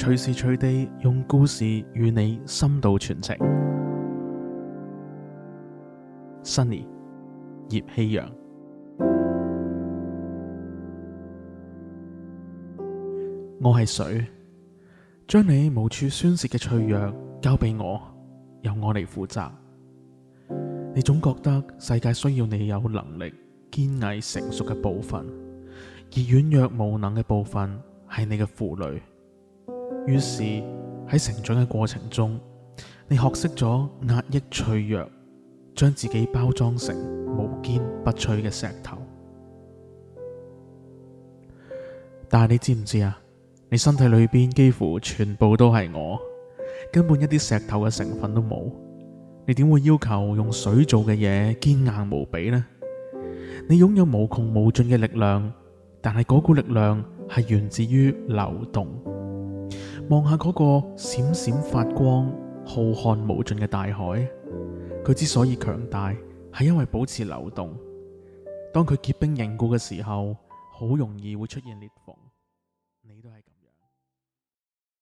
隨時隨地用故事與你深度傳情。Sunny 葉希陽，我係水，將你無處宣洩嘅脆弱交俾我，由我嚟負責。你總覺得世界需要你有能力、堅毅、成熟嘅部分，而軟弱、無能嘅部分係你嘅負累。於是喺成長嘅過程中，你學識咗壓抑脆弱，將自己包裝成無堅不摧嘅石頭。但係你知唔知啊？你身體裏邊幾乎全部都係我，根本一啲石頭嘅成分都冇。你點會要求用水做嘅嘢堅硬無比呢？你擁有無窮無盡嘅力量，但係嗰股力量係源自於流動。望下個閃閃發光、浩瀚無盡嘅大海，佢之所以強大，係因為保持流動。當佢結冰凝固嘅時候，好容易會出現裂。